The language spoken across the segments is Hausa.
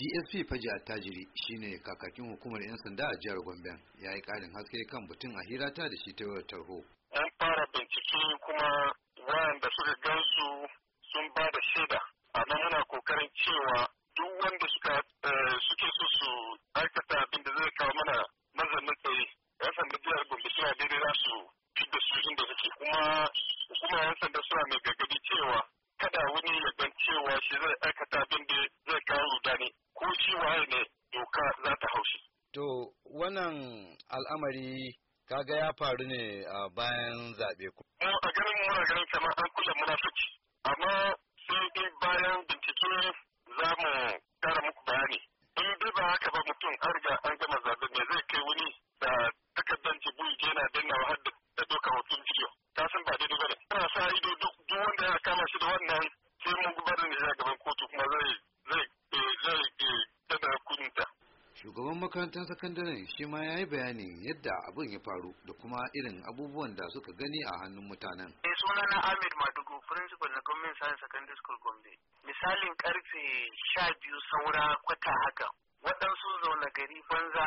dsp fajiya Tajiri shine kakakin hukumar 'yan sanda a jihar gombe ya yi karin haske kan batun a hirata da shi ta wayar tarho an fara bincike kuma wayanda suka gansu sun ba da shaida amma muna kokarin cewa duk wanda suka eh, suke so su aikata abin da zai kawo mana mazamin tsaye yan sanda jihar gombe suna daidai za su fi da su inda suke kuma hukumar yan sanda suna mai gargadi cewa kada wani ya gan cewa shi zai aikata abin da zai kawo rudani ko shi waye ne doka za ta haushi. To wannan al'amari kaga ya faru ne a bayan zaɓe ku. a garin mu muna ganin kamar an kulle munafici amma sai dai bayan bincike za mu kara muku bayani. In dai ba haka ba mutum an riga an gama zaɓe mai zai kai wani da takardar jibuyi yana dannawa har da dokar hotun jiyo. Ta san ba daidai ba ne. Ana sa ido duk wanda ya kama shi da wannan sai mun gudanar da gaban kotu kuma zai Shugaban makarantar sakandare shi ma ya yi bayani yadda abin ya faru da kuma irin abubuwan da suka gani a hannun mutanen. Eh, suna na Ahmed Madugu, principal na Gwamnan Science Secondary School Gombe. Misalin karfe sha biyu saura kwata haka, waɗansu zauna gari banza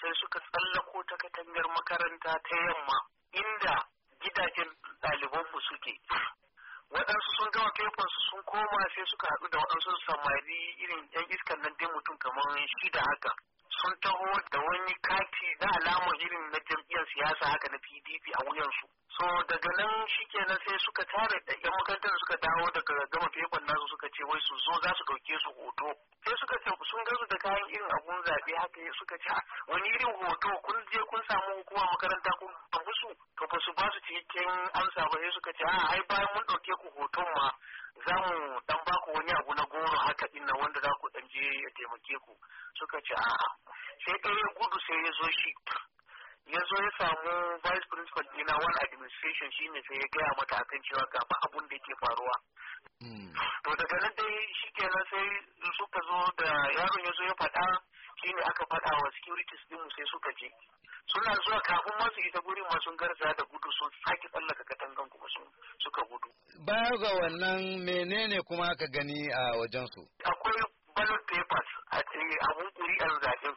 sai suka tsallako ta katangar makaranta ta yamma inda gidajen ɗalibanmu suke. waɗansu sun gama fefan su sun koma sai suka haɗu da waɗansu samari irin yan iskan nan dai mutum kamar da haka sun taho da wani kati na alamar irin na jam'iyyar siyasa haka na pdp a wuyansu so daga nan shi kenan sai suka tare da yan makarantar suka dawo daga gama fefan nasu suka ce wai su zo za su ɗauke su hoto sai suka ce sun gazu da kayan irin abun zaɓe haka suka ce ah, wani irin hoto kun je kun samu hukuma makaranta kun su to ba su ba su cikakken amsa ba sai suka ce a ah, ai bayan mun ɗauke ku hoton ma za mu dan ba ku wani abu na goro haka din nan wanda za ku dan je ya taimake ku suka ce a sai ɗaya gudu sai ya zo shi ya zo ya samu vice principal dina one administration shine sai ya gaya mata akan cewa ga ba abun da yake faruwa hmm. to daga nan dai shikenan sai suka zo da yaron ya zo ya faɗa ne aka faɗa wa securities ɗinmu sai suka je suna zuwa kafin masu ita gurin masu garza da gudu sun sake tsallaka katangan kuma sun suka gudu baya ga wannan menene kuma aka gani a wajen su akwai ballot papers a abun kuri'ar zaɓen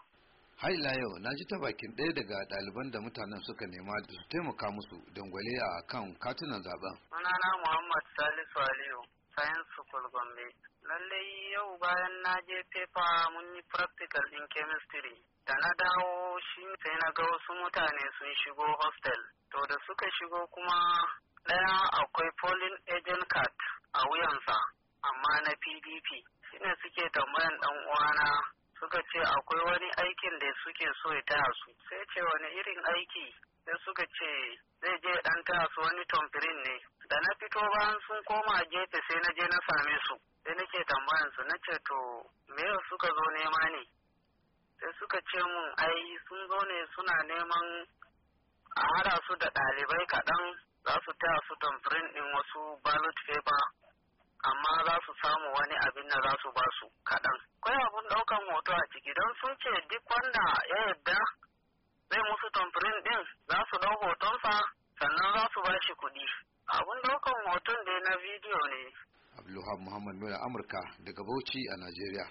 har ila yau na ji ta bakin ɗaya daga ɗaliban da mutanen suka nema da su taimaka musu dangwale a kan katunan zaben sunana muhammad salisu aliyu Science School Gombe. Lallai yau bayan na je pepa mun yi practical in chemistry. Da na dawo shi sai na ga wasu mutane sun shigo hostel. To da suka shigo kuma ɗaya akwai polling agent card a wuyansa amma na PDP. Shine suke tambayan ɗan uwana suka ce akwai wani aikin da suke so ya taya su. Sai ce wani irin aiki sai suka ce zai je ɗan taya su wani tomfirin ne. da na fito bayan sun koma gefe sai na je na same su sai nake tambayan su na ce to me suka zo nema ne sai suka ce mun ai sun zo ne suna neman a hada su da ɗalibai kaɗan za su taya su tamfirin ɗin wasu ballot paper amma za su samu wani abin da za su ba su kaɗan. Kwai abin ɗaukan hoto a ciki don sun ce duk wanda ya yadda zai musu tamfirin ɗin za su ɗau hotonsa sannan za bashi kuɗi abun daukan hoton da na bidiyo ne Abdullahi muhammad nuna amurka daga bauchi a najeriya